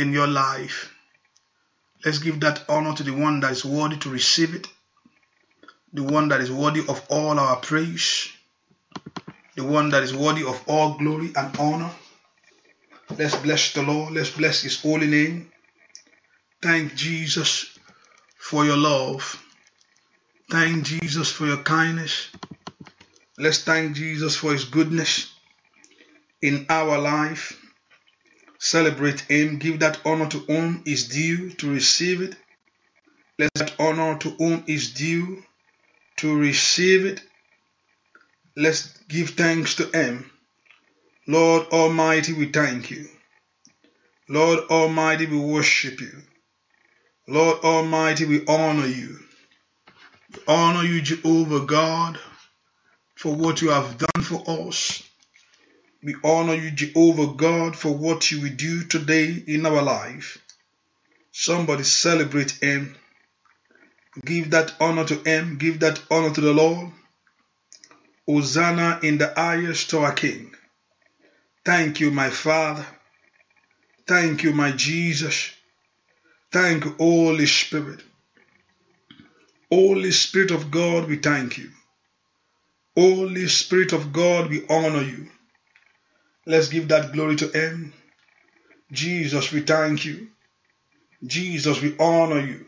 in your life. Let's give that honor to the one that is worthy to receive it, the one that is worthy of all our praise, the one that is worthy of all glory and honor. Let's bless the Lord. Let's bless His holy name. Thank Jesus for your love. Thank Jesus for your kindness. Let's thank Jesus for His goodness in our life. Celebrate Him. Give that honor to whom is due to receive it. Let that honor to whom is due to receive it. Let's give thanks to Him. Lord Almighty, we thank you. Lord Almighty, we worship you. Lord Almighty, we honor you. We honor you, Jehovah God, for what you have done for us. We honor you, Jehovah God, for what you will do today in our life. Somebody celebrate Him. Give that honor to Him. Give that honor to the Lord. Hosanna in the highest to our King. Thank you, my Father. Thank you, my Jesus. Thank you, Holy Spirit. Holy Spirit of God, we thank you. Holy Spirit of God, we honor you. Let's give that glory to Him. Jesus, we thank you. Jesus, we honor you.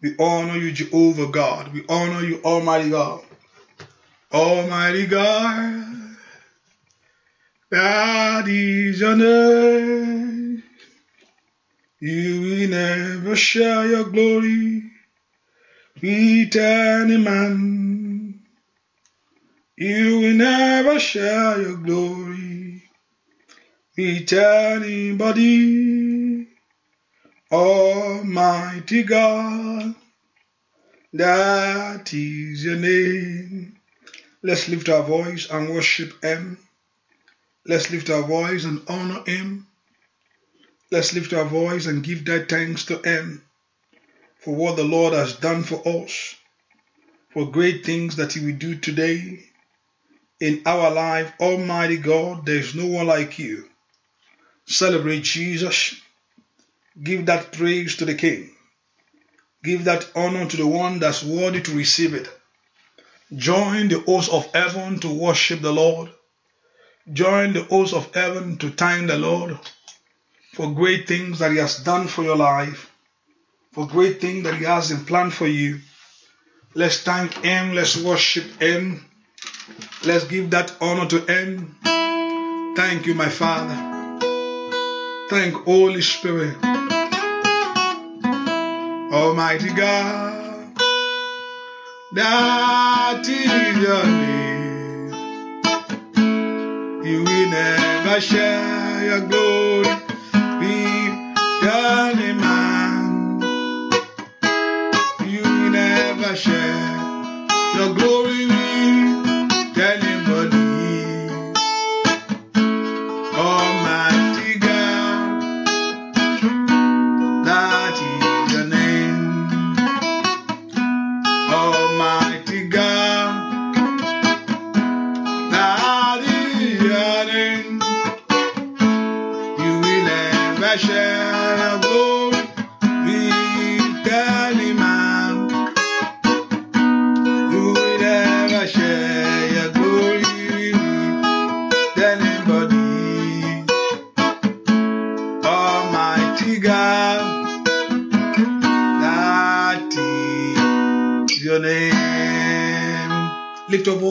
We honor you, Jehovah God. We honor you, Almighty God. Almighty God, that is your name. You will never share your glory with any man. You will never share your glory each anybody. Almighty God, that is your name. Let's lift our voice and worship Him. Let's lift our voice and honor Him. Let's lift our voice and give that thanks to Him for what the Lord has done for us, for great things that He will do today in our life. Almighty God, there is no one like you. Celebrate Jesus. Give that praise to the King. Give that honor to the one that's worthy to receive it. Join the hosts of heaven to worship the Lord. Join the hosts of heaven to thank the Lord for great things that He has done for your life, for great things that He has in plan for you. Let's thank Him, let's worship Him, let's give that honor to Him. Thank you, my Father. Thank Holy Spirit. Almighty God, that is your name. You will never share your glory.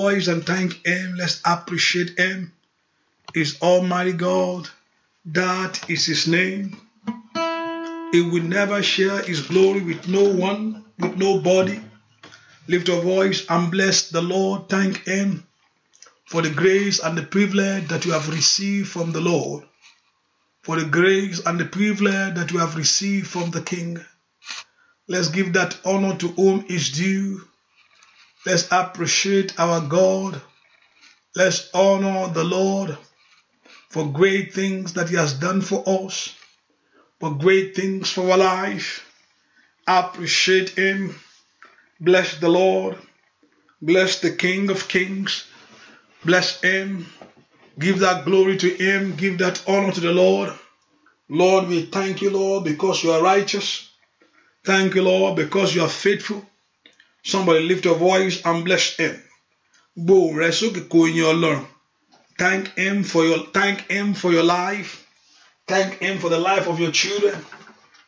rejoice and thank Him. Let's appreciate Him. He's Almighty God. That is His name. He will never share His glory with no one, with nobody. Lift your voice and bless the Lord. Thank Him for the grace and the privilege that you have received from the Lord. For the grace and the privilege that you have received from the King. Let's give that honor to whom is due. Let's appreciate our God. Let's honor the Lord for great things that He has done for us, for great things for our life. Appreciate Him. Bless the Lord. Bless the King of Kings. Bless Him. Give that glory to Him. Give that honor to the Lord. Lord, we thank you, Lord, because you are righteous. Thank you, Lord, because you are faithful. Somebody lift your voice and bless him. Thank him for your thank him for your life. Thank him for the life of your children.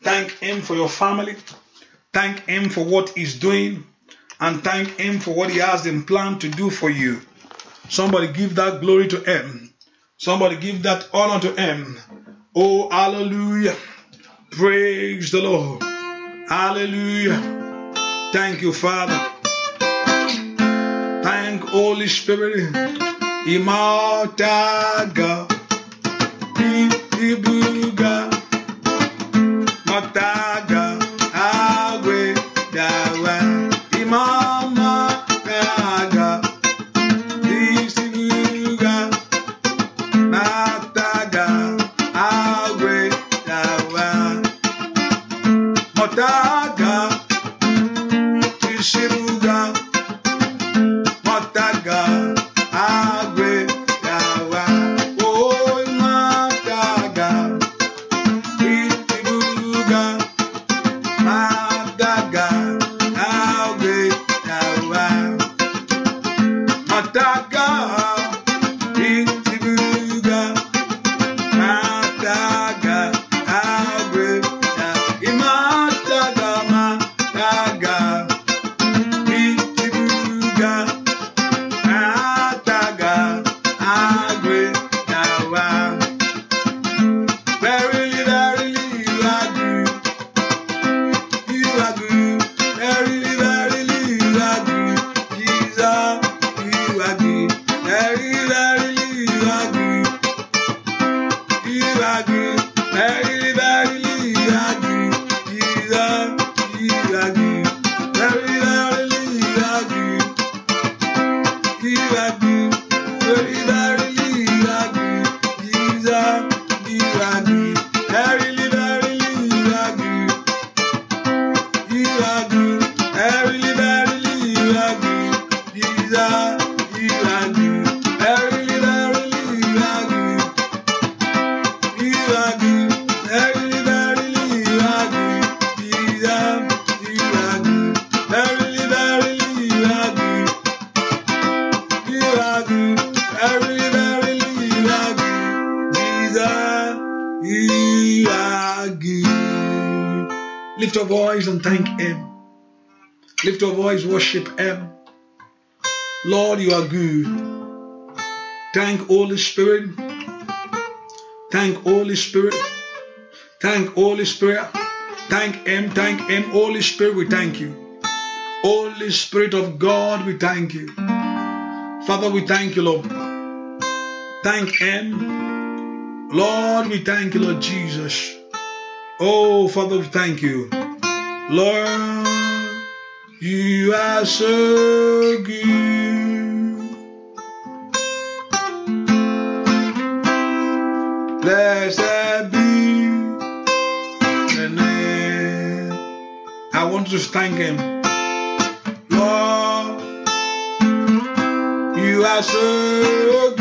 Thank him for your family. Thank him for what he's doing. And thank him for what he has in plan to do for you. Somebody give that glory to him. Somebody give that honor to him. Oh, hallelujah. Praise the Lord. Hallelujah. Thank you, Father. Thank Holy Spirit. Immortaga. Ibibuga. Mortaga. worship Him. Lord, you are good. Thank Holy Spirit. Thank Holy Spirit. Thank Holy Spirit. Thank Him. Thank Him. Holy Spirit, we thank you. Holy Spirit of God, we thank you. Father, we thank you, Lord. Thank Him. Lord, we thank you, Lord Jesus. Oh, Father, we thank you. Lord, you are so good. Blessed be the name. I want to thank Him. Lord, you are so good.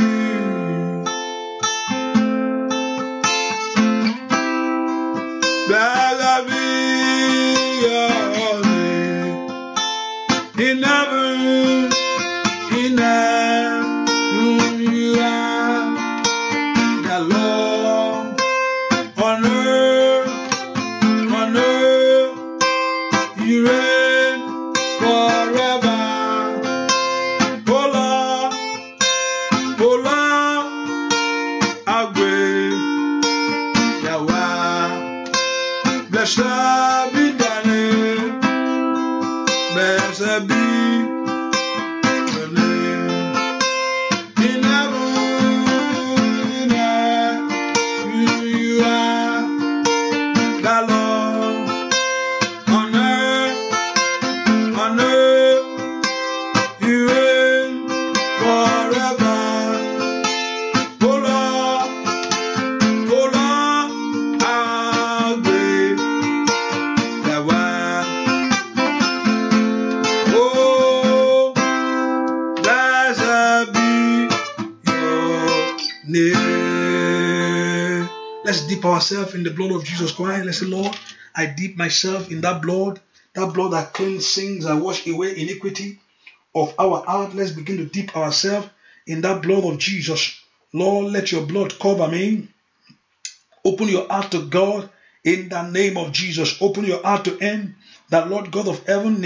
Let's dip ourselves in the blood of Jesus Christ. Let's say, Lord, I dip myself in that blood, that blood that cleans sins and wash away iniquity of our heart. Let's begin to dip ourselves in that blood of Jesus. Lord, let your blood cover me. Open your heart to God in the name of Jesus. Open your heart to Him. The Lord God of heaven,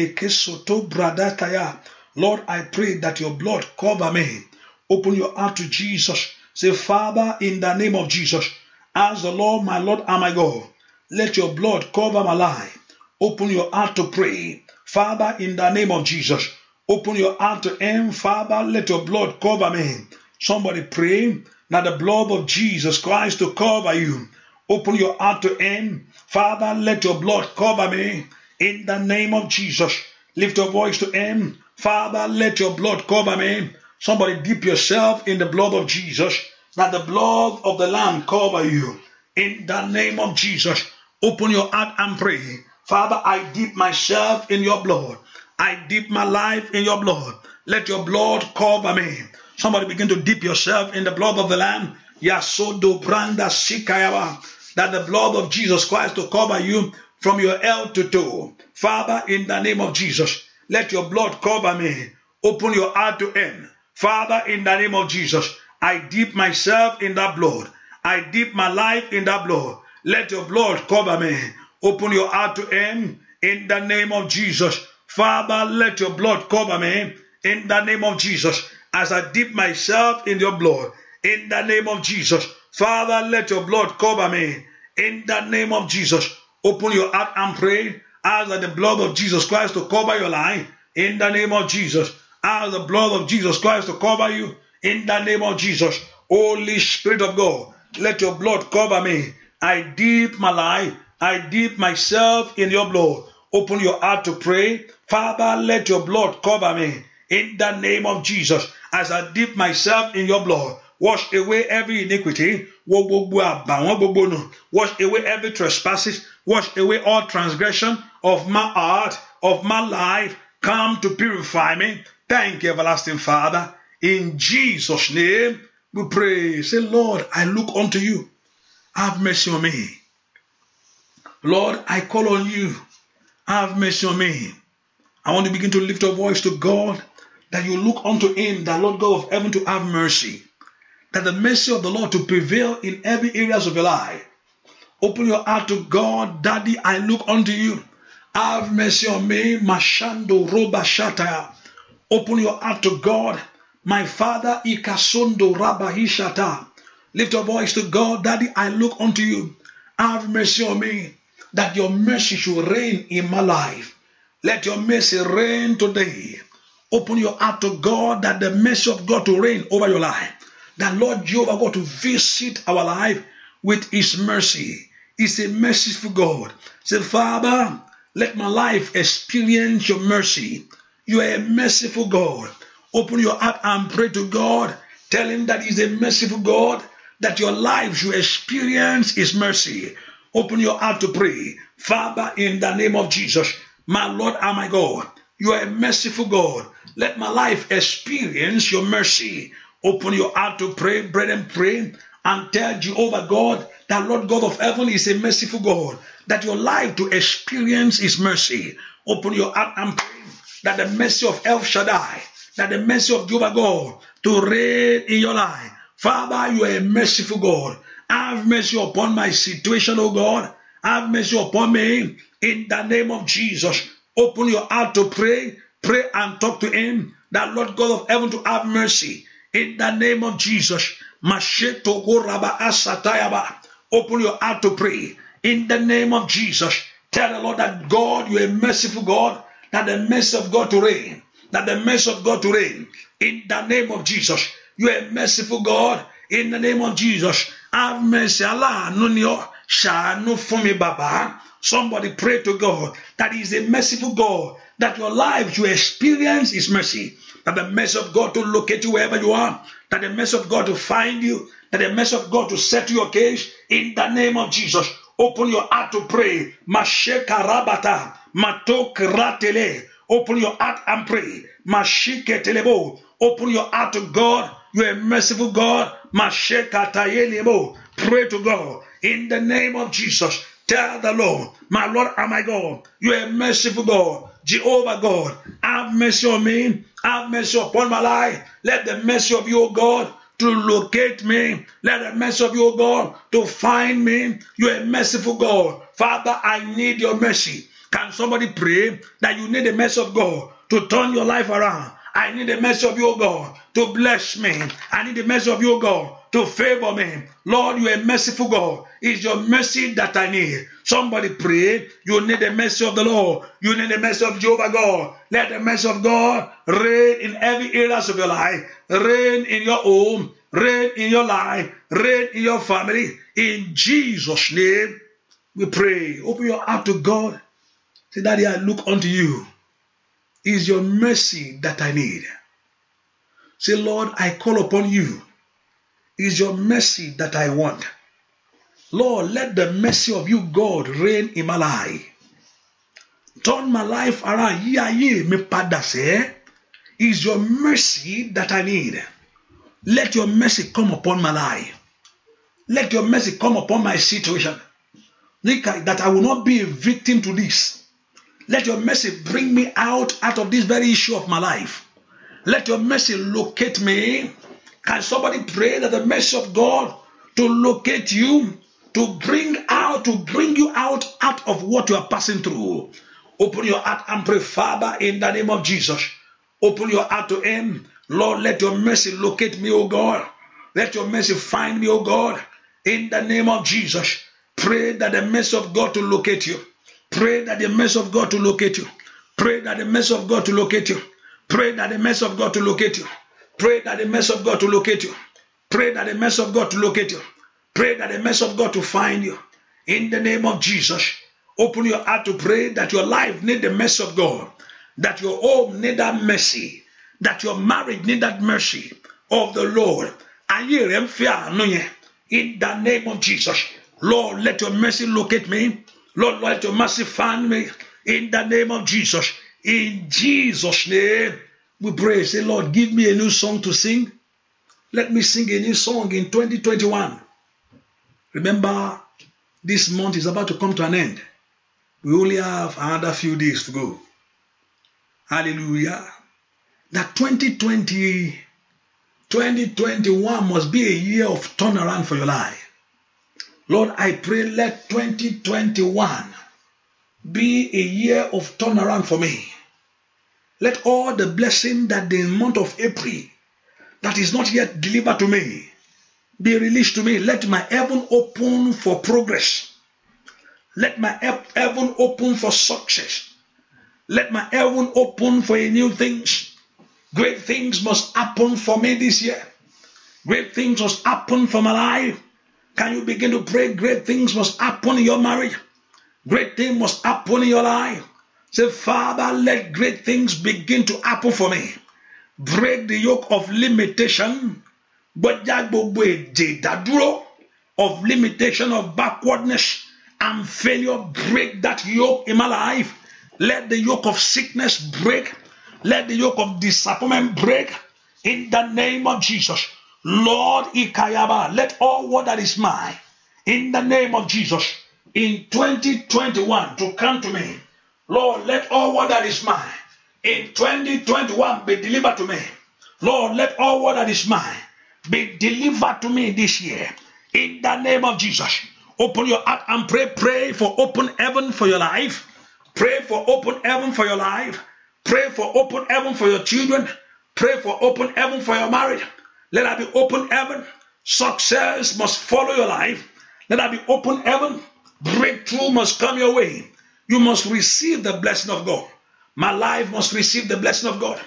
Lord, I pray that your blood cover me. Open your heart to Jesus. Say, Father, in the name of Jesus, Ask the Lord, my Lord and my God, let your blood cover my life. Open your heart to pray. Father, in the name of Jesus, open your heart to him. Father, let your blood cover me. Somebody pray Now the blood of Jesus Christ to cover you. Open your heart to him. Father, let your blood cover me. In the name of Jesus, lift your voice to him. Father, let your blood cover me. Somebody dip yourself in the blood of Jesus that the blood of the Lamb cover you. In the name of Jesus, open your heart and pray. Father, I dip myself in your blood. I dip my life in your blood. Let your blood cover me. Somebody begin to dip yourself in the blood of the Lamb. Yasodo branda sikayaba. That the blood of Jesus Christ to cover you from your head to toe. Father, in the name of Jesus, let your blood cover me. Open your heart to him. Father, in the name of Jesus, I dip myself in that blood. I dip my life in that blood. Let your blood cover me. Open your heart to Him in the name of Jesus. Father, let your blood cover me in the name of Jesus. As I dip myself in your blood, in the name of Jesus. Father, let your blood cover me in the name of Jesus. Open your heart and pray. as the blood of Jesus Christ to cover your life in the name of Jesus. As the blood of Jesus Christ to cover you in the name of Jesus, Holy Spirit of God, let your blood cover me. I dip my life, I dip myself in your blood. Open your heart to pray. Father, let your blood cover me. In the name of Jesus, as I dip myself in your blood, wash away every iniquity. Wash away every trespasses. Wash away all transgression of my heart, of my life. Come to purify me. Thank you, everlasting Father. In Jesus' name, we pray. Say, Lord, I look unto you. Have mercy on me. Lord, I call on you. Have mercy on me. I want to begin to lift a voice to God that you look unto him, the Lord God of heaven, to have mercy. That the mercy of the Lord to prevail in every areas of your life. Open your heart to God. Daddy, I look unto you. Have mercy on me. Mashando roba shataya. Open your heart to God. My Father, Ikasondo Rabahishata. Lift your voice to God, Daddy, I look unto you. Have mercy on me, that your mercy should reign in my life. Let your mercy reign today. Open your heart to God, that the mercy of God to reign over your life. That Lord Jehovah God to visit our life with his mercy. He's a merciful God. Say, Father, let my life experience your mercy. You are a merciful God. Open your heart and pray to God. Tell Him that He's a merciful God, that your life should experience His mercy. Open your heart to pray. Father, in the name of Jesus, my Lord and my God, you are a merciful God. Let my life experience your mercy. Open your heart to pray, and pray, and tell Jehovah God that Lord God of heaven is a merciful God, that your life to experience his mercy. Open your heart and pray that the mercy of El Shaddai that the mercy of Jehovah God to reign in your life. Father, you are a merciful God. Have mercy upon my situation, O God. Have mercy upon me in the name of Jesus. Open your heart to pray. Pray and talk to Him. That Lord God of heaven to have mercy in the name of Jesus. Open your heart to pray in the name of Jesus. Tell the Lord that God, you're a merciful God, that the mercy of God to reign that the mercy of God to reign in the name of Jesus. You are a merciful God in the name of Jesus. Have mercy. Allah, ṣàánú fún mi bàbá. Somebody pray to God that is a merciful God, that your life you experience is mercy, that the mercy of God to locate you wherever you are, that the mercy of God to find you, that the mercy of God to set your case in the name of Jesus. Open your heart to pray. Masheka rabata, Open your heart and pray. Mashike telebo. Open your heart to God. You're a merciful God. Masheka tayelebo. Pray to God. In the name of Jesus. Tell the Lord, my Lord and my God, you are a merciful God. Jehovah God, have mercy on me. Have mercy upon my life. Let the mercy of you, God, to locate me. Let the mercy of you, God, to find me. You are a merciful God. Father, I need your mercy. Can somebody pray that you need the mercy of God to turn your life around? I need the mercy of your God to bless me. I need the mercy of your God to favor me. Lord, you are a merciful God. It's your mercy that I need. Somebody pray. You need the mercy of the Lord. You need the mercy of Jehovah God. Let the mercy of God reign in every areas of your life. Reign in your home. Reign in your life. Reign in your family. In Jesus' name, we pray. Open your heart to God Say, Daddy, I look unto you. It is your mercy that I need. Say, Lord, I call upon you. It is your mercy that I want. Lord, let the mercy of you, God, reign in my life. Turn my life around. Yeah, yeah, me padase. Is your mercy that I need. Let your mercy come upon my life. Let your mercy come upon my situation. That I will not be a victim to this. Let your mercy bring me out out of this very issue of my life. Let your mercy locate me. Can somebody pray that the mercy of God to locate you, to bring out, to bring you out out of what you are passing through? Open your heart and pray, Father, in the name of Jesus. Open your heart to Him. Lord, let your mercy locate me, O God. Let your mercy find me, O God. In the name of Jesus, pray that the mercy of God to locate you. Pray that the mercy of God to locate you. Pray that the mercy of God to locate you. Pray that the mercy of God to locate you. Pray that the mercy of God to locate you. Pray that the mercy of God to locate you. Pray that the mercy of God to find you. In the name of Jesus, open your heart to pray that your life need the mercy of God, that your home need that mercy, that your marriage need that mercy of the Lord. In the name of Jesus, Lord, let your mercy locate me. Lord, let your mercy find me in the name of Jesus. In Jesus' name, we pray. Say, Lord, give me a new song to sing. Let me sing a new song in 2021. Remember, this month is about to come to an end. We only have another few days to go. Hallelujah. That 2020, 2021 must be a year of turnaround for your life. Lord, I pray let 2021 be a year of turnaround for me. Let all the blessing that the month of April that is not yet delivered to me be released to me. Let my heaven open for progress. Let my heaven open for success. Let my heaven open for new things. Great things must happen for me this year. Great things must happen for my life. Can you begin to pray? Great things must happen in your marriage. Great things must happen in your life. Say, Father, let great things begin to happen for me. Break the yoke of limitation. of limitation of backwardness and failure. Break that yoke in my life. Let the yoke of sickness break. Let the yoke of disappointment break. In the name of Jesus. Lord Ikayaba, let all what that is mine in the name of Jesus in 2021 to come to me. Lord, let all what that is mine in 2021 be delivered to me. Lord, let all what that is mine be delivered to me this year in the name of Jesus. Open your heart and pray. Pray for open heaven for your life. Pray for open heaven for your life. Pray for open heaven for your children. Pray for open heaven for your marriage. Let there be open heaven. Success must follow your life. Let there be open heaven. Breakthrough must come your way. You must receive the blessing of God. My life must receive the blessing of God.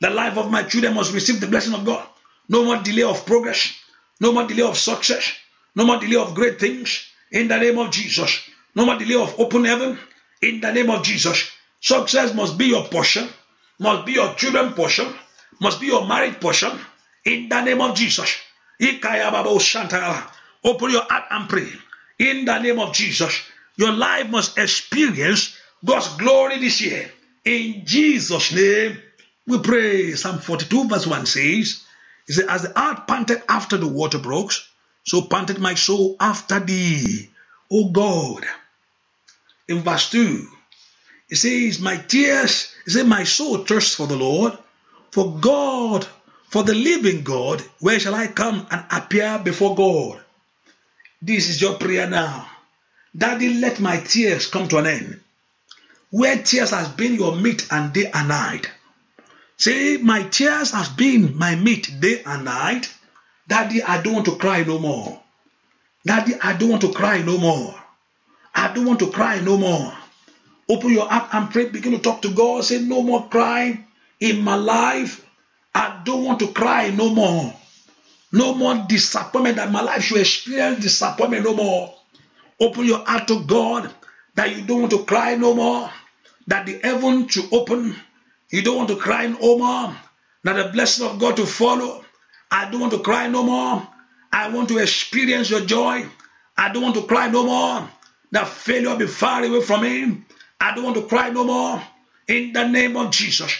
The life of my children must receive the blessing of God. No more delay of progress. No more delay of success. No more delay of great things. In the name of Jesus. No more delay of open heaven. In the name of Jesus. Success must be your portion. Must be your children portion. Must be your married portion in the name of Jesus. Open your heart and pray. In the name of Jesus. Your life must experience God's glory this year. In Jesus' name, we pray. Psalm 42, verse 1 says, As the heart panted after the water brooks, so panted my soul after thee, O God. In verse 2, it says, My tears, it says, My soul thirsts for the Lord, for God for the living God, where shall I come and appear before God? This is your prayer now. Daddy, let my tears come to an end. Where tears has been your meat and day and night. See, my tears has been my meat day and night. Daddy, I don't want to cry no more. Daddy, I don't want to cry no more. I don't want to cry no more. Open your heart and pray. Begin to talk to God. Say, no more crying in my life. I don't want to cry no more. No more disappointment that my life should experience disappointment no more. Open your heart to God that you don't want to cry no more. That the heaven to open. You don't want to cry no more. That the blessing of God to follow. I don't want to cry no more. I want to experience your joy. I don't want to cry no more. That failure be far away from me. I don't want to cry no more. In the name of Jesus,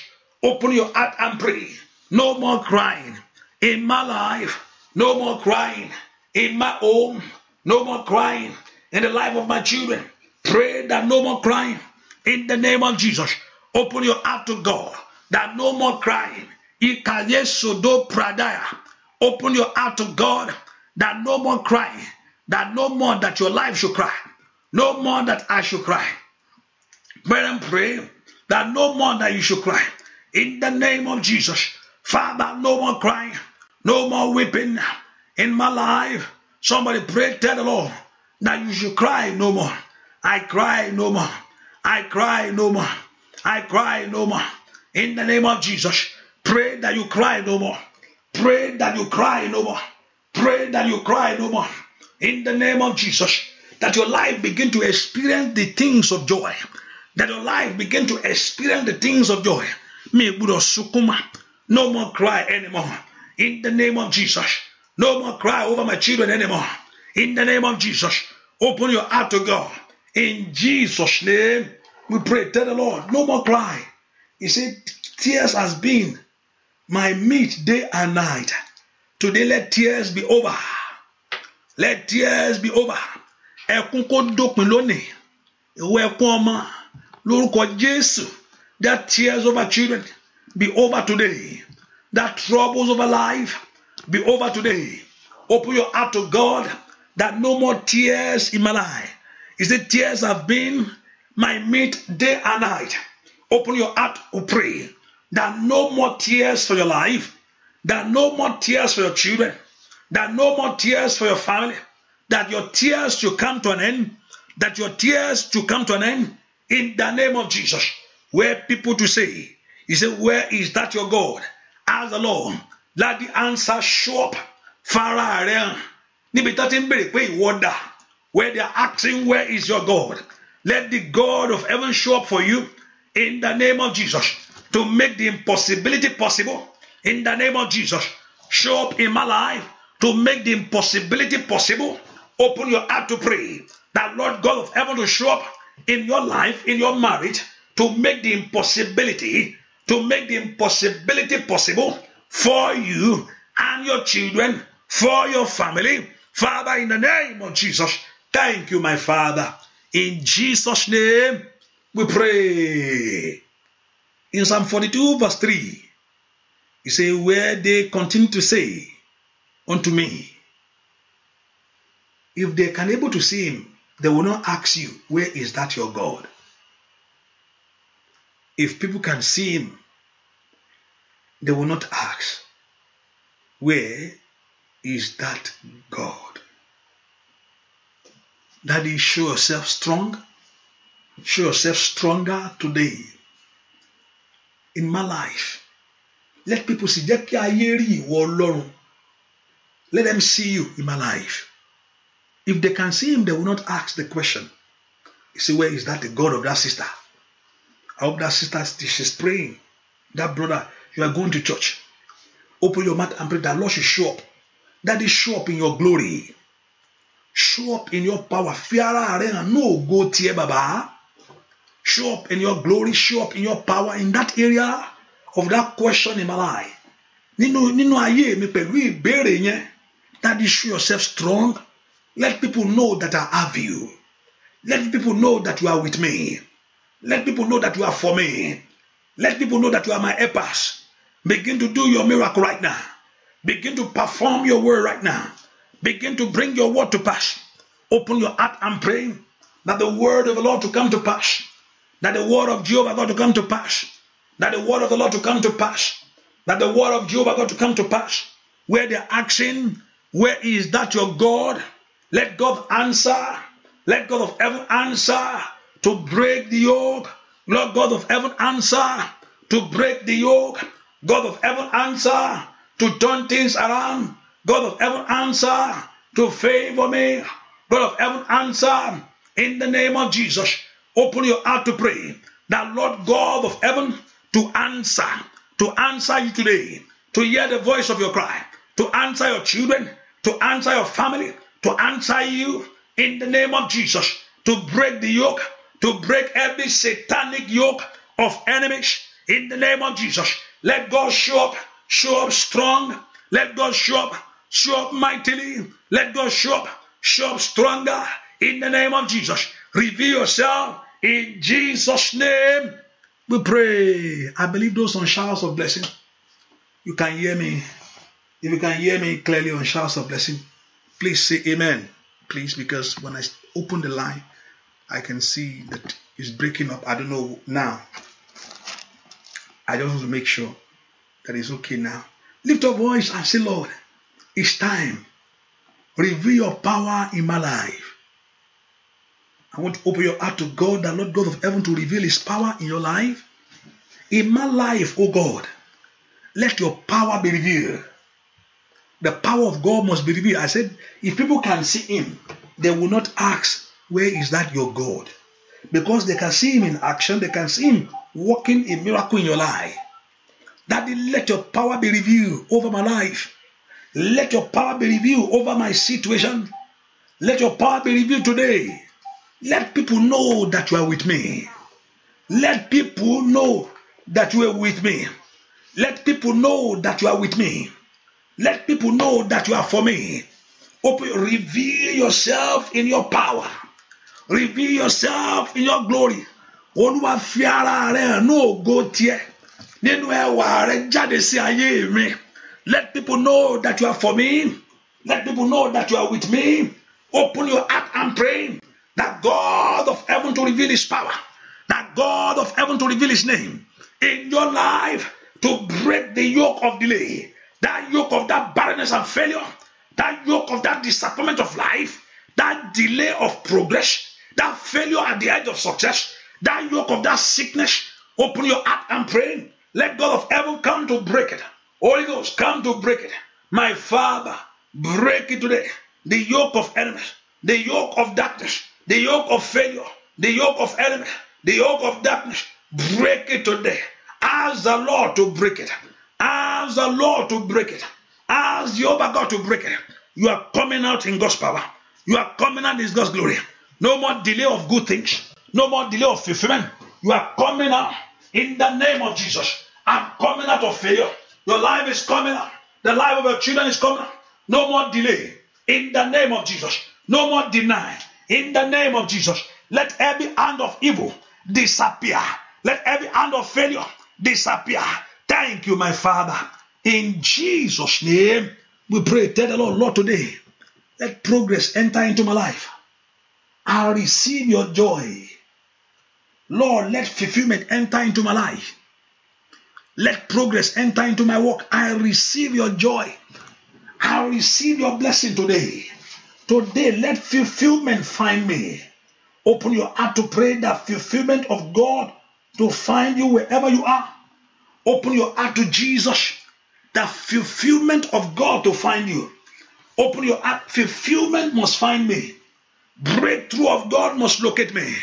open your heart and pray. No more crying. In my life, no more crying. In my home, no more crying. In the life of my children, pray that no more crying. In the name of Jesus, open your heart to God that no more crying. Open your heart to God that no more crying, that no more that your life should cry, no more that I should cry. Pray and pray that no more that you should cry. In the name of Jesus, Father, no more crying, no more weeping in my life. Somebody pray, tell the Lord that you should cry no more. I cry no more. I cry no more. I cry no more. In the name of Jesus, pray that you cry no more. Pray that you cry no more. Pray that you cry no more. In the name of Jesus, that your life begin to experience the things of joy. That your life begin to experience the things of joy. Me gbúdọ̀ sukuma. No more cry anymore. In the name of Jesus. No more cry over my children anymore. In the name of Jesus. Open your heart to God. In Jesus' name, we pray. Tell the Lord, no more cry. He said, Tears has been my meat day and night. Today, let tears be over. Let tears be over. Ẹkún kó dópin lónìí. That tears over children be over today. That troubles of our life be over today. Open your heart to God that no more tears in my life. He said, Tears have been my meat day and night. Open your heart to pray that no more tears for your life, that no more tears for your children, that no more tears for your family, that your tears should come to an end, that your tears should come to an end in the name of Jesus. Where people to say, he said, Where is that your God? Ask the Lord. Let the answer show up. far rẹ̀ níbi Where they are asking, Where is your God? Let the God of heaven show up for you in the name of Jesus to make the impossibility possible in the name of Jesus. Show up in my life to make the impossibility possible. Open your heart to pray that Lord God of heaven to show up in your life, in your marriage, to make the impossibility to make the impossibility possible for you and your children, for your family. Father, in the name of Jesus, thank you, my Father. In Jesus' name, we pray. In Psalm 42, verse 3, you say, Where they continue to say unto me, if they can able to see him, they will not ask you, Where is that your God? If people can see him, they will not ask, Where is that God? Daddy, show yourself strong. Show yourself stronger today. In my life, let people see. Let them see you in my life. If they can see him, they will not ask the question. You see, where is that the God of that sister? I hope that sister she's praying. That brother, you are going to church. Open your mouth and pray that Lord should show up. That Daddy, show up in your glory. Show up in your power. Fear ara rẹ hàn ní ògo Show up in your glory. Show up in your power in that area of that question in my life. Nino, Nínú nínú ayé mi bere nye. That Daddy, show yourself strong. Let people know that I have you. Let people know that you are with me. Let people know that you are for me. Let people know that you are my helpers. Begin to do your miracle right now. Begin to perform your word right now. Begin to bring your word to pass. Open your heart and pray that the word of the Lord to come to pass. That the word of Jehovah God to come to pass. That the word of the Lord to come to pass. That the word of Jehovah God to come to pass. Where they're asking, where is that your God? Let God answer. Let God of heaven answer to break the yoke. Lord God of heaven, answer to break the yoke. God of heaven, answer to turn things around. God of heaven, answer to favor me. God of heaven, answer in the name of Jesus. Open your heart to pray that Lord God of heaven to answer, to answer you today, to hear the voice of your cry, to answer your children, to answer your family, to answer you in the name of Jesus, to break the yoke to break every satanic yoke of enemies in the name of Jesus. Let God show up, show up strong. Let God show up, show up mightily. Let God show up, show up stronger in the name of Jesus. Reveal yourself in Jesus' name. We pray. I believe those on showers of blessing. You can hear me. If you can hear me clearly on showers of blessing, please say amen. Please, because when I open the line, I can see that it's breaking up. I don't know now. I just want to make sure that it's okay now. Lift up voice and say, Lord, it's time. Reveal your power in my life. I want to open your heart to God, the Lord God of heaven, to reveal his power in your life. In my life, oh God, let your power be revealed. The power of God must be revealed. I said, if people can see him, they will not ask where is that your God? Because they can see Him in action, they can see Him working a miracle in your life. Daddy, let your power be revealed over my life. Let your power be revealed over my situation. Let your power be revealed today. Let people know that you are with me. Let people know that you are with me. Let people know that you are with me. Let people know that you are for me. Open, reveal yourself in your power. reveal yourself in your glory olúwa fi ara rẹ hàn ní ògo tiẹ̀ nínú ẹwà rẹ jáde sí ayé mi let people know that you are for me let people know that you are with me open your heart and pray that God of heaven to reveal his power that God of heaven to reveal his name in your life to break the yoke of delay that yoke of that barrenness and failure that yoke of that disappointment of life that delay of progress That failure at the edge of success, that yoke of that sickness, open your heart and pray. Let God of heaven come to break it. Holy Ghost, come to break it. My Father, break it today. The yoke of enemies, the yoke of darkness, the yoke of failure, the yoke of enemies, the yoke of darkness, break it today. Ask the Lord to break it. Ask the Lord to break it. Ask Over God to break it. You are coming out in God's power. You are coming out in God's glory. No more delay of good things. No more delay of fulfillment. You are coming out in the name of Jesus. I'm coming out of failure. Your life is coming out. The life of your children is coming out. No more delay. In the name of Jesus. No more deny. In the name of Jesus. Let every hand of evil disappear. Let every hand of failure disappear. Thank you, my Father. In Jesus' name, we pray. Tell the Lord, Lord, today, let progress enter into my life. I'll receive your joy. Lord, let fulfillment enter into my life. Let progress enter into my work. I receive your joy. I receive your blessing today. Today, let fulfillment find me. Open your heart to pray that fulfillment of God to find you wherever you are. Open your heart to Jesus, the fulfillment of God to find you. Open your heart, fulfillment must find me. Breakthrough of God must locate me.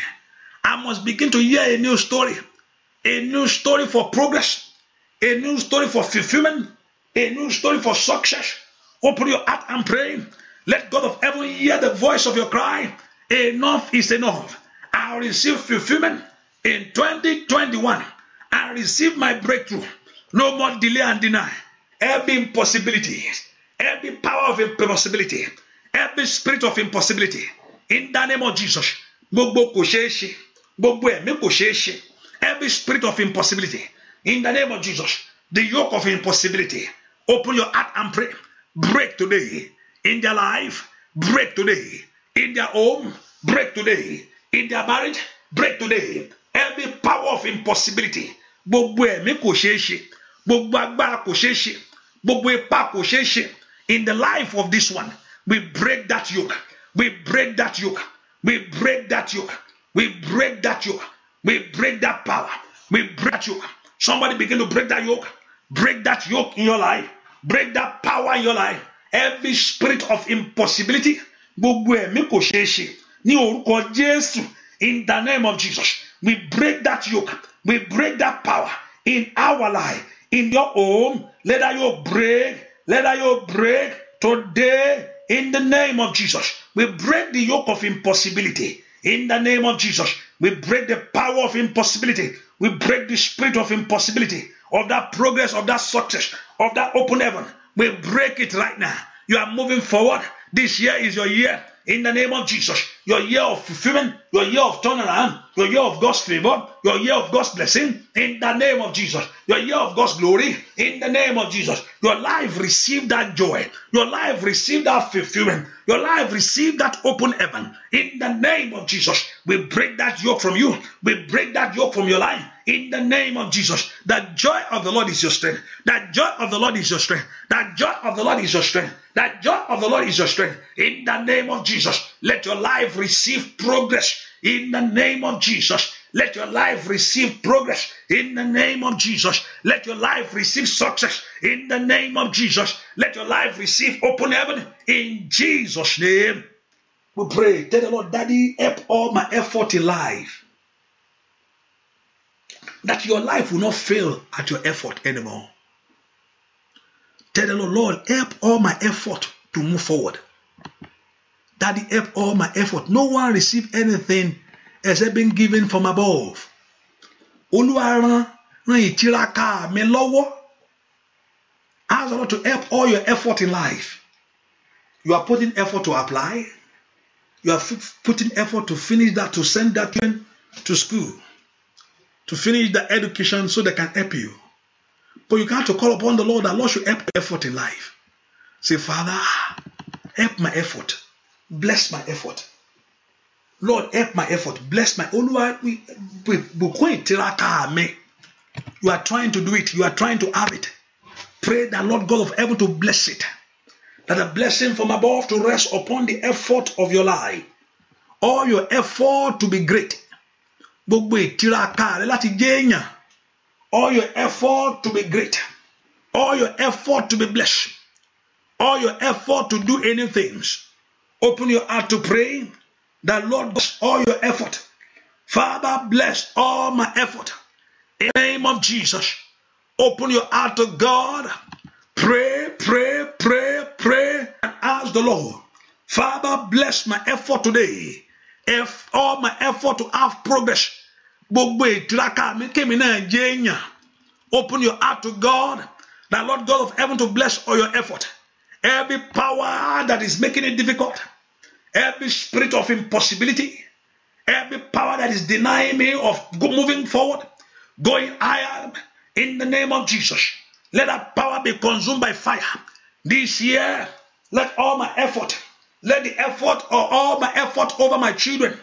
I must begin to hear a new story, a new story for progress, a new story for fulfillment, a new story for success. Open your heart and pray. Let God of heaven hear the voice of your cry. Enough is enough. I receive fulfillment in 2021. I receive my breakthrough. No more delay and deny. Every impossibility, every power of impossibility, every spirit of impossibility in the name of Jesus gbogbo kò ṣeé ṣe gbogbo ẹ̀mí kò ṣeé ṣe every spirit of impossibility in the name of Jesus the yoke of impossibility open your heart and pray break today in their life break today in their home break today in their marriage break today every power of impossibility gbogbo ẹ̀mí kò ṣeé ṣe gbogbo agbára kò ṣeé ṣe gbogbo ipá kò ṣeé ṣe in the life of this one we break that yoke We break that yoke. We break that yoke. We break that yoke. We break that power. We break that yoke. Somebody begin to break that yoke. Break that yoke in your life. Break that power in your life. Every spirit of impossibility. Gbogbo ẹ̀mí kò ṣeé ṣe. In the name of Jesus. We break that yoke. We break that power in our life. In your home. Let that yoke break. Let that yoke break today. In the name of Jesus. We break the yoke of impossibility in the name of Jesus. We break the power of impossibility. We break the spirit of impossibility, of that progress, of that success, of that open heaven. We break it right now. You are moving forward. This year is your year in the name of Jesus. Your year of fulfillment, your year of turnaround, your year of God's favor, your year of God's blessing, in the name of Jesus. Your year of God's glory, in the name of Jesus. Your life receive that joy. Your life receive that fulfillment. Your life receive that open heaven. In the name of Jesus, we break that yoke from you. We break that yoke from your life in the name of Jesus. The joy of the Lord is your strength. That joy of the Lord is your strength. That joy of the Lord is your strength. That joy of the Lord is your strength. In the name of Jesus, let your life receive progress. In the name of Jesus, let your life receive progress in the name of Jesus. Let your life receive success in the name of Jesus. Let your life receive open heaven in Jesus' name. We pray. Tell the Lord, Daddy, help all my effort in life that your life will not fail at your effort anymore. Tell the Lord, Lord, help all my effort to move forward. Daddy, help all my effort. No one receive anything except being given from above. Olúwa ràn ràn Ask the Lord to help all your effort in life. You are putting effort to apply. You are putting effort to finish that, to send that to school to finish the education so they can help you. But you got to call upon the Lord that Lord should help your effort in life. Say, Father, help my effort. Bless my effort. Lord, help my effort. Bless my Olúwa. You are trying to do it. You are trying to have it. Pray that Lord God of heaven to bless it. That a blessing from above to rest upon the effort of your life. All your effort to be great gbogbo ìtiraka rẹ láti jẹ́ èèyàn all your effort to be great all your effort to be blessed all your effort to do any things open your heart to pray that Lord bless all your effort Father bless all my effort in the name of Jesus open your heart to God pray pray pray pray and ask the Lord Father bless my effort today if all my effort to have progress gbogbo ìtiraka mi kémi náà jẹ́ èèyàn open your heart to God the Lord God of heaven to bless all your effort every power that is making it difficult every spirit of impossibility every power that is denying me of moving forward going higher in the name of Jesus let that power be consumed by fire this year let all my effort let the effort or all my effort over my children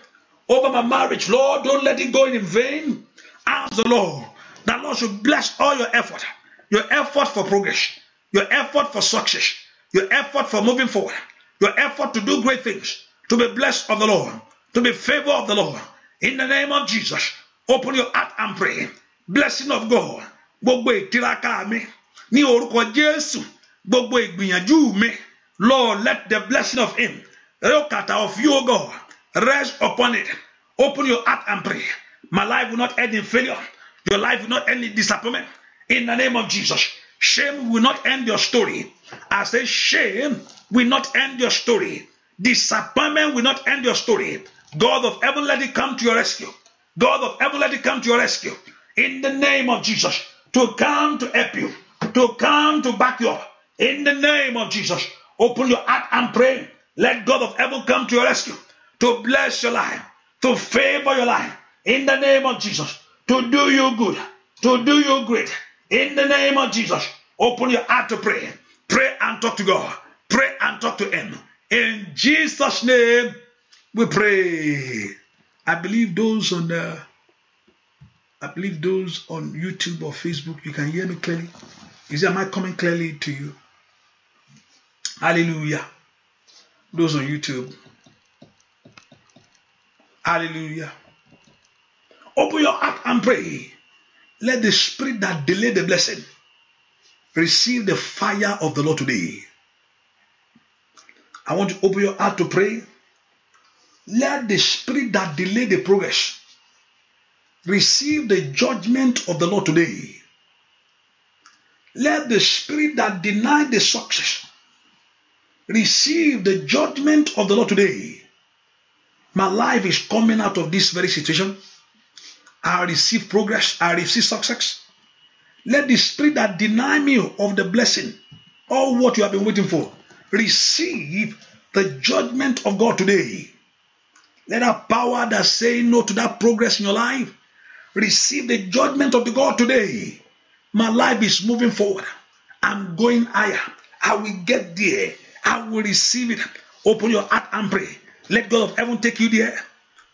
over my marriage, Lord. Don't let it go in vain. Ask the Lord that Lord should bless all your effort, your effort for progress, your effort for success, your effort for moving forward, your effort to do great things, to be blessed of the Lord, to be favor of the Lord. In the name of Jesus, open your heart and pray. Blessing of God. Gbogbo ìtiraka mi ní orúkọ Jésù. Gbogbo ìgbìyànjú mi. Lord, let the blessing of Him. Rẹ́ọ̀kàtà of you, O God. Rest upon it. Open your heart and pray. My life will not end in failure. Your life will not end in disappointment. In the name of Jesus. Shame will not end your story. I say, shame will not end your story. Disappointment will not end your story. God of heaven, let it come to your rescue. God of heaven, let it come to your rescue. In the name of Jesus, to come to help you, to come to back you up. In the name of Jesus, open your heart and pray. Let God of heaven come to your rescue to bless your life, to favor your life in the name of Jesus, to do you good, to do you great in the name of Jesus. Open your heart to pray. Pray and talk to God. Pray and talk to Him. In Jesus' name, we pray. I believe those on the uh, I believe those on YouTube or Facebook, you can hear me clearly. Is am I coming clearly to you? Hallelujah. Those on YouTube, Hallelujah. Open your heart and pray. Let the spirit that delayed the blessing receive the fire of the Lord today. I want to open your heart to pray. Let the spirit that delayed the progress receive the judgment of the Lord today. Let the spirit that denied the success receive the judgment of the Lord today. My life is coming out of this very situation. I receive progress. I receive success. Let the spirit that deny me of the blessing, all what you have been waiting for, receive the judgment of God today. Let that power that say no to that progress in your life receive the judgment of the God today. My life is moving forward. I'm going higher. I will get there. I will receive it. Open your heart and pray. Let God of heaven take you there.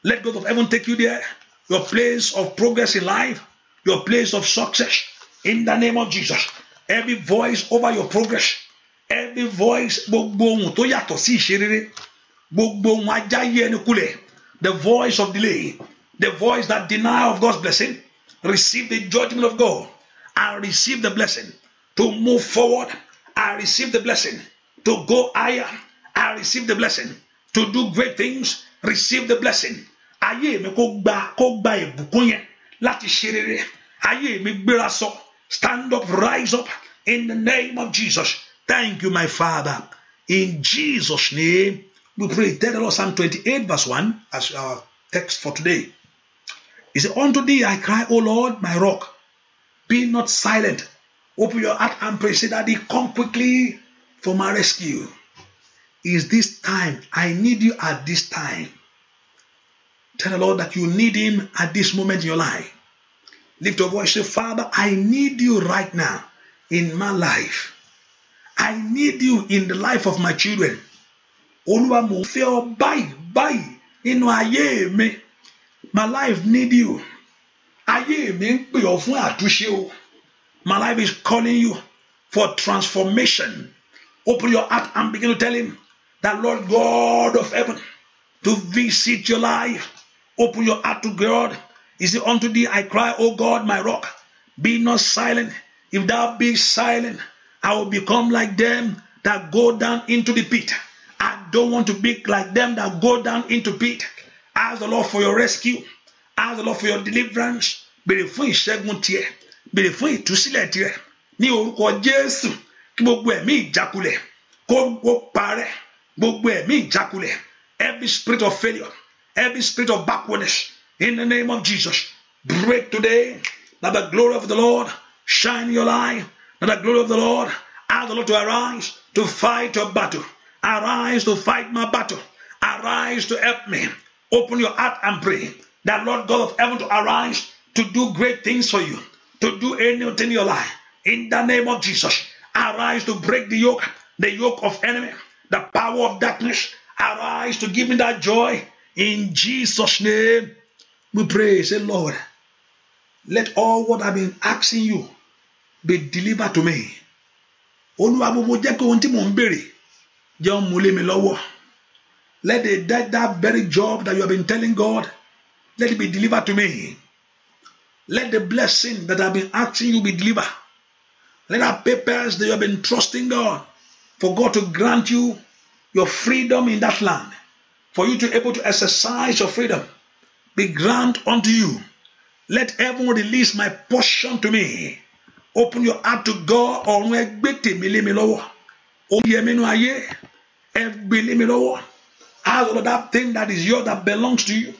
Let God of heaven take you there. Your place of progress in life, your place of success. In the name of Jesus, every voice over your progress, every voice, gbogbo ohun tó yàtọ̀ sí ìṣerere, gbogbo ohun ajáyé ẹni kulẹ̀, the voice of delay, the voice that deny of God's blessing, receive the judgment of God and receive the blessing to move forward. I receive the blessing to go higher. I receive the blessing to do great things receive the blessing ayé mi kó gba kó gba ìbùkún yẹn láti ṣe rere ayé mi gbéra sọ stand up rise up in the name of Jesus thank you my father in Jesus name we pray tell Lord Psalm twenty-eight verse one as our text for today he said unto thee I cry O Lord my rock be not silent open your heart and pray say that he come quickly for my rescue is this time. I need you at this time. Tell the Lord that you need Him at this moment in your life. Lift your voice, say, Father, I need you right now in my life. I need you in the life of my children. Olúwa mò ń fẹ́ ọ báyìí báyìí ayé My life need you. Ayé mi ń pè ọ́ fún My life is calling you for transformation. Open your heart and begin to tell him, that Lord God of heaven to visit your life. Open your heart to God. Is it unto thee I cry, O God, my rock? Be not silent. If thou be silent, I will become like them that go down into the pit. I don't want to be like them that go down into pit. Ask the Lord for your rescue. Ask the Lord for your deliverance. Bèrè fún ìṣẹ́gun tiẹ̀. to fún ìtúsílẹ̀ tiẹ̀. Ní orúkọ Jésù kibogwe mi jakule. ìjákulẹ̀ parẹ́ gbogbo ẹ̀mí ìjákulẹ̀ every spirit of failure every spirit of backwardness in the name of Jesus break today that the glory of the Lord shine in your life that the glory of the Lord ask the Lord to arise to fight your battle arise to fight my battle arise to help me open your heart and pray that Lord God of heaven to arise to do great things for you to do anything in your life in the name of Jesus arise to break the yoke the yoke of enemy the power of darkness. Arise to give me that joy. In Jesus' name, we pray. Say, Lord, let all what I've been asking you be delivered to me. Olúwa gbogbo jẹ́ kí ohun mò ń béèrè jẹ́ ohun mú Let the, that, that very job that you have been telling God, let it be delivered to me. Let the blessing that I've been asking you be delivered. Let our papers that you have been trusting God, for God to grant you your freedom in that land, for you to be able to exercise your freedom, be grant unto you. Let heaven release my portion to me. Open your heart to God. Ọ̀run ẹ gbé tèmi lé mi Ask the Lord that thing that is yours that belongs to you.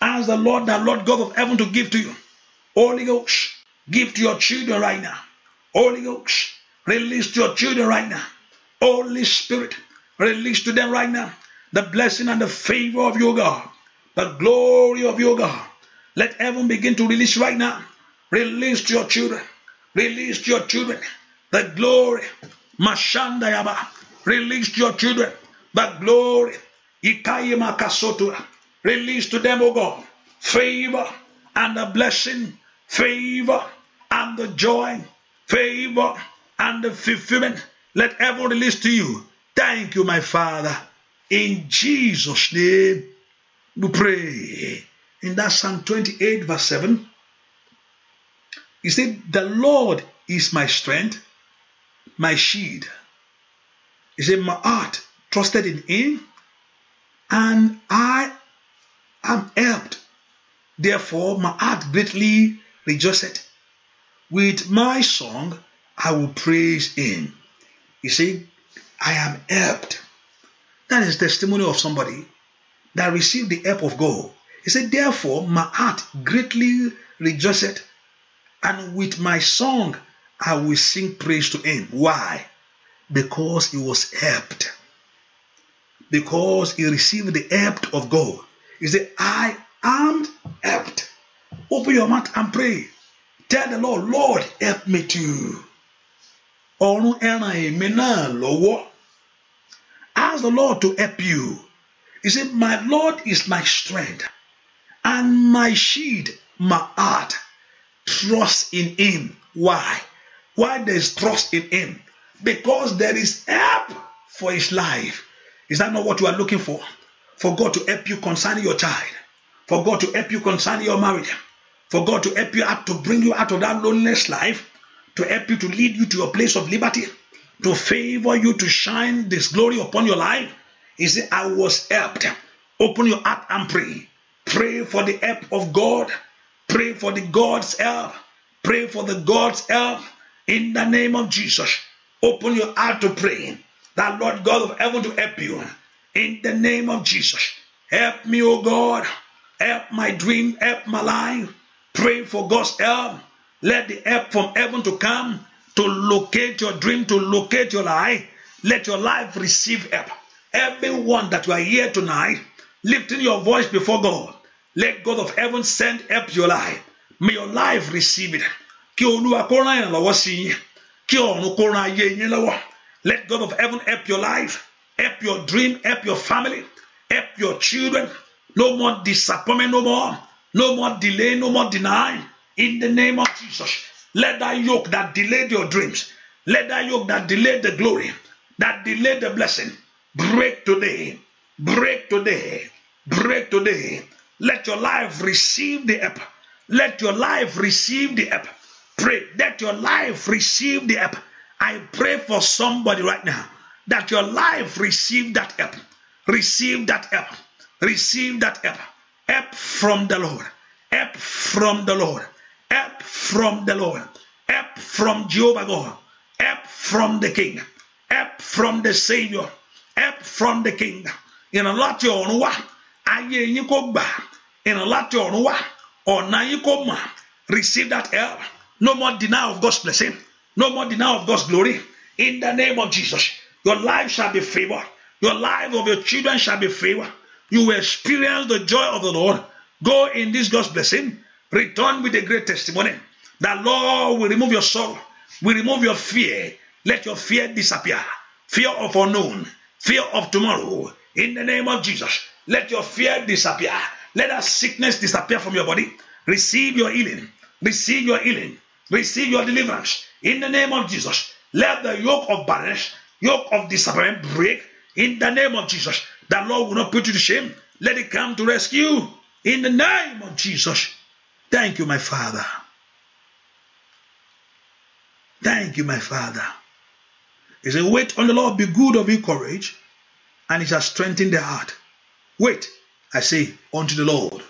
Ask the Lord the Lord God of heaven to give to you. Holy Ghost, give to your children right now. Holy Ghost, release to your children right now. Holy Spirit, release to them right now the blessing and the favor of your God, the glory of your God. Let heaven begin to release right now. Release to your children. Release to your children the glory. Mashandayaba. Release to your children the glory. Release to them, O God, favor and the blessing, favor and the joy, favor and the fulfillment let heaven release to you. Thank you, my Father. In Jesus' name, we pray. In that Psalm 28, verse 7, he said, The Lord is my strength, my shield. He said, My heart trusted in Him, and I am helped. Therefore, my heart greatly rejoiced, With my song, I will praise Him. You see, I am helped. That is testimony of somebody that received the help of God. He said, Therefore, my heart greatly rejoiceth, and with my song I will sing praise to him. Why? Because he was helped. Because he received the help of God. He said, I am helped. Open your mouth and pray. Tell the Lord, Lord, help me too ọ̀run ẹran èmi náà lọ́wọ́ ask the Lord to help you he said my Lord is my strength and my shield my heart trust in him why why there is trust in him because there is help for his life is that not what you are looking for for God to help you concerning your child for God to help you concerning your marriage for God to help you out to bring you out of that loneliness life to help you, to lead you to your place of liberty, to favor you, to shine this glory upon your life. He said, I was helped. Open your heart and pray. Pray for the help of God. Pray for the God's help. Pray for the God's help in the name of Jesus. Open your heart to pray that Lord God of heaven to help you in the name of Jesus. Help me, O God. Help my dream. Help my life. Pray for God's help let the help from heaven to come to locate your dream, to locate your life. Let your life receive help. Everyone that you are here tonight, lifting your voice before God, let God of heaven send help your life. May your life receive it. Let God of heaven help your life, help your dream, help your family, help your children. No more disappointment, no more. No more delay, no more denying in the name of Jesus. Let that yoke that delayed your dreams, let that yoke that delayed the glory, that delayed the blessing, break today. Break today. Break today. Let your life receive the app. Let your life receive the app. Pray that your life receive the app. I pray for somebody right now that your life receive that app. Receive that app. Receive that app. App from the Lord. App from the Lord help from the Lord, help from Jehovah God, help from the King, help from the Savior, help from the King. ìrìn láti ọ̀run you ayé yín kò gbà ìrìn láti ọ̀run wá ọ̀nà yín kò mọ̀ receive that help no more denial of God's blessing no more denial of God's glory in the name of Jesus your life shall be favoured your life of your children shall be favoured you will experience the joy of the Lord go in this God's blessing. Return with a great testimony. The Lord will remove your sorrow, will remove your fear. Let your fear disappear. Fear of unknown, fear of tomorrow. In the name of Jesus, let your fear disappear. Let that sickness disappear from your body. Receive your healing. Receive your healing. Receive your deliverance. In the name of Jesus, let the yoke of barrenness, yoke of disappointment break. In the name of Jesus, the Lord will not put you to shame. Let it come to rescue. In the name of Jesus. Thank you, my Father. Thank you, my Father. He said, Wait on the Lord, be good of your courage, and it shall strengthen the heart. Wait, I say, unto the Lord.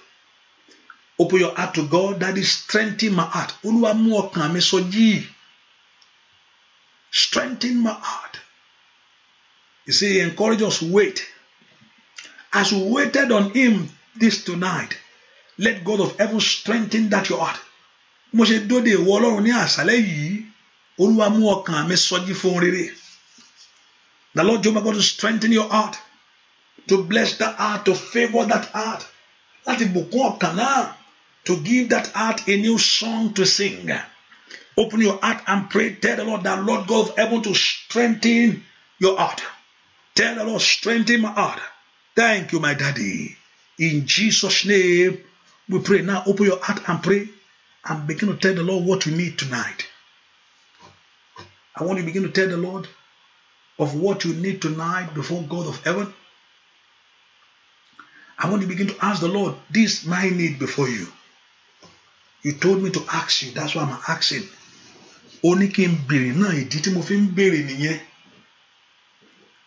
Open your heart to God that is strengthening my heart. Strengthen my heart. You see, he encouraged us wait. As we waited on him this tonight, let God of heaven strengthen that your heart mo ṣe dóde ìwọ ọlọ́run ní àṣálẹ́ yìí olúwa mú ọkàn mi sọjí fún rere the lord jehovah god to strengthen your heart to bless that heart to favour that heart láti bùkún ọkàn náà to give that heart a new song to sing open your heart and pray tell the lord that lord god of heaven to strengthen your heart tell the lord strengthen my heart thank you my daddy in jesus name. We pray now, open your heart and pray and begin to tell the Lord what you need tonight. I want you to begin to tell the Lord of what you need tonight before God of heaven. I want you to begin to ask the Lord, this my need before you. You told me to ask you, that's why I'm asking. Only came kí Now he did him tí mo fi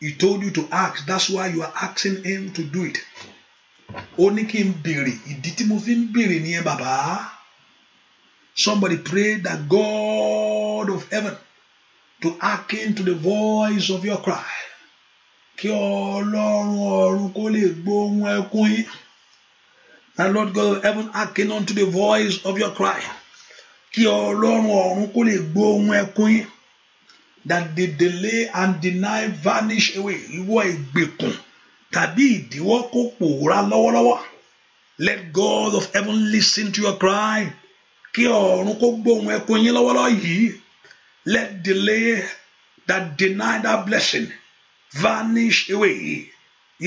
he told you to ask that's why you are asking him to do it ó ní kí n béèrè ìdí tí mo fi ń béèrè nìyẹn bàbá somebody pray that God of heaven to hearken to the voice of your cry kí ọlọ́run ọ̀run kó lè gbóhùn ẹkún yín that Lord God of heaven hearken unto the voice of your cry kí ọlọ́run ọ̀run kó lè gbóhùn ẹkún yín that the delay and deny vanish away ìwọ ìgbèkùn. E tàbí ìdíwọ́ kó pòórá lọ́wọ́lọ́wọ́ let God of heaven listen to your cry kí ọ̀run kó gbóhùn ẹkún yín lọ́wọ́lọ́wọ́ yìí let delay that deny that blessing vanish away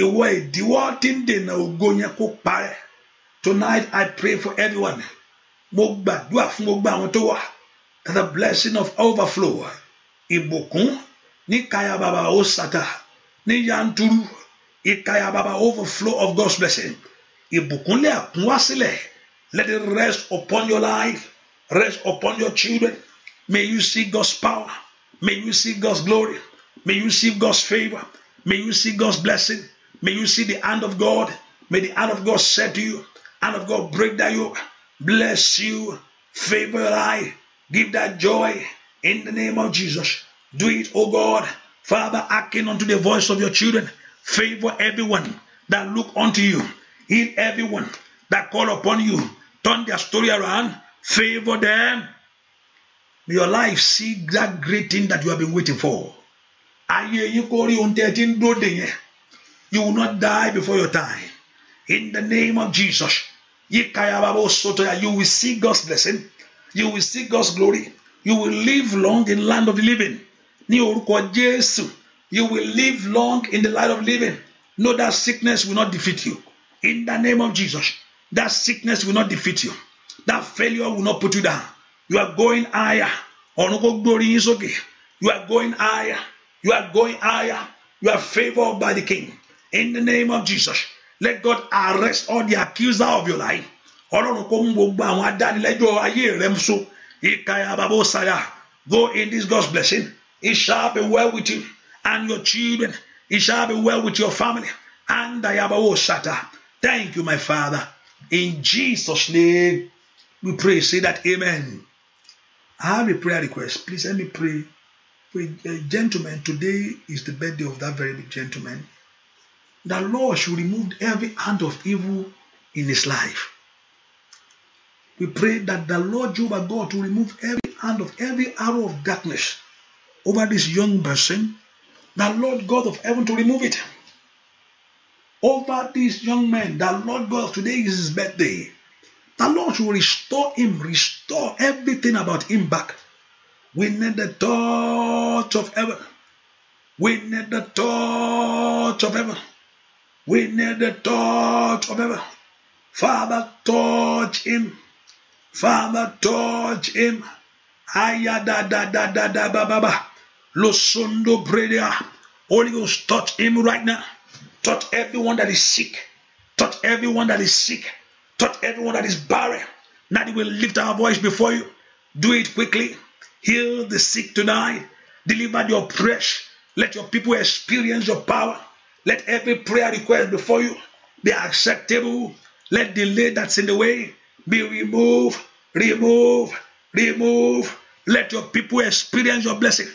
ìwọ ìdíwọ́ tí ń dènà ògo yẹn kó parẹ́ tonight I pray for everyone mo gbàdúrà fún gbogbo àwọn tó wà that the blessing of overflow ìbùkún ní kayababa ó sàtà ní yanturu. Ikayababa overflow of God's blessing. Ìbùkúnlẹ̀ àkúnwásílẹ̀. Let it rest upon your life, rest upon your children. May you see God's power. May you see God's glory. May you see God's favor. May you see God's blessing. May you see the hand of God. May the hand of God set to you. Hand of God break that yoke. Bless you. Favor your life. Give that joy in the name of Jesus. Do it, O God. Father, hearken unto the voice of your children. Favor everyone that look unto you. Heal everyone that call upon you. Turn their story around. Favor them. May your life see that great thing that you have been waiting for. You will not die before your time. In the name of Jesus, you will see God's blessing. You will see God's glory. You will live long in land of the living. Ní orúkọ Jésù. You will live long in the light of living. No, that sickness will not defeat you. In the name of Jesus, that sickness will not defeat you. That failure will not put you down. You are going higher. You are going higher. You are going higher. You are favored by the King. In the name of Jesus, let God arrest all the accuser of your life. Go in this God's blessing. It shall be well with you and your children. It shall be well with your family. And I have a shatter. Thank you, my Father. In Jesus' name, we pray. Say that, Amen. I have a prayer request. Please let me pray uh, Gentlemen, a gentleman. Today is the birthday of that very gentleman. The Lord should remove every hand of evil in his life. We pray that the Lord Jehovah God will remove every hand of every arrow of darkness over this young person the Lord God of heaven to remove it. Over this young man. the Lord God, today is his birthday. The Lord should restore him, restore everything about him back. We need the touch of heaven. We need the touch of heaven. We need the touch of heaven. Father, touch him. Father, touch him. da da da da da ba ba ba. Losondo Bredia. Holy Ghost, touch him right now. Touch everyone that is sick. Touch everyone that is sick. Touch everyone that is barren. Now that will lift our voice before you. Do it quickly. Heal the sick tonight. Deliver the oppressed. Let your people experience your power. Let every prayer request before you be acceptable. Let delay that's in the way be removed, remove, remove. Let your people experience your blessing.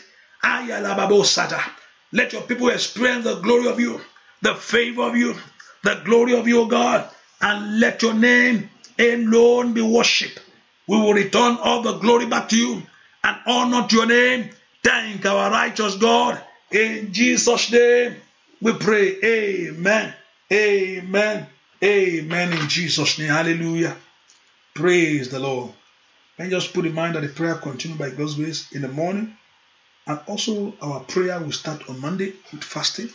Let your people experience the glory of you, the favor of you, the glory of you, God, and let your name alone be worshipped. We will return all the glory back to you and honor to your name. Thank our righteous God. In Jesus' name, we pray. Amen. Amen. Amen. In Jesus' name. Hallelujah. Praise the Lord. And just put in mind that the prayer continued by God's grace in the morning and also, our prayer will start on Monday with fasting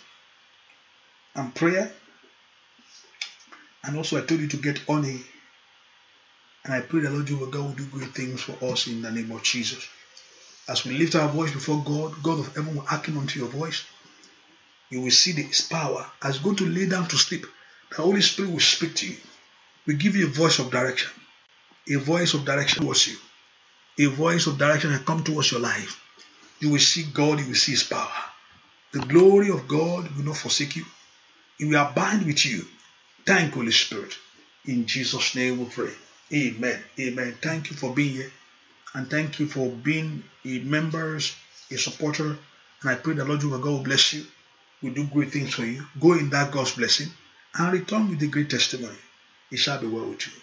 and prayer. And also, I told you to get on it. And I pray the Lord Jehovah God will do great things for us in the name of Jesus. As we lift our voice before God, God of heaven will hearken unto your voice. You will see this power. As go to lay down to sleep, the Holy Spirit will speak to you. We give you a voice of direction. A voice of direction towards you. A voice of direction that come towards your life you will see God, you will see His power. The glory of God will not forsake you, He will abide with you. Thank Holy Spirit. In Jesus' name we pray. Amen. Amen. Thank you for being here and thank you for being a member, a supporter. And I pray the Lord your God will bless you. We do great things for you. Go in that God's blessing and return with a great testimony. It shall be well with you.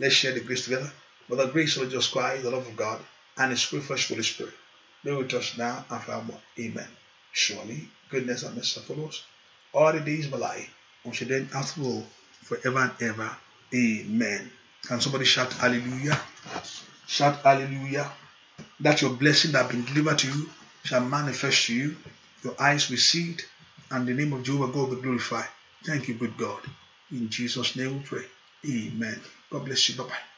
Let's share the grace together. By the grace of Jesus Christ, the love of God, and His free fresh Holy Spirit be with us now and forever. Amen. Surely, goodness and mercy follow us all the days of our life, and shall then go forever and ever. Amen. Can somebody shout hallelujah? Shout hallelujah. That your blessing that has been delivered to you shall manifest to you. Your eyes will see it, and the name of Jehovah God will be glorified. Thank you, good God. In Jesus' name we pray. Amen. God bless you. Bye bye.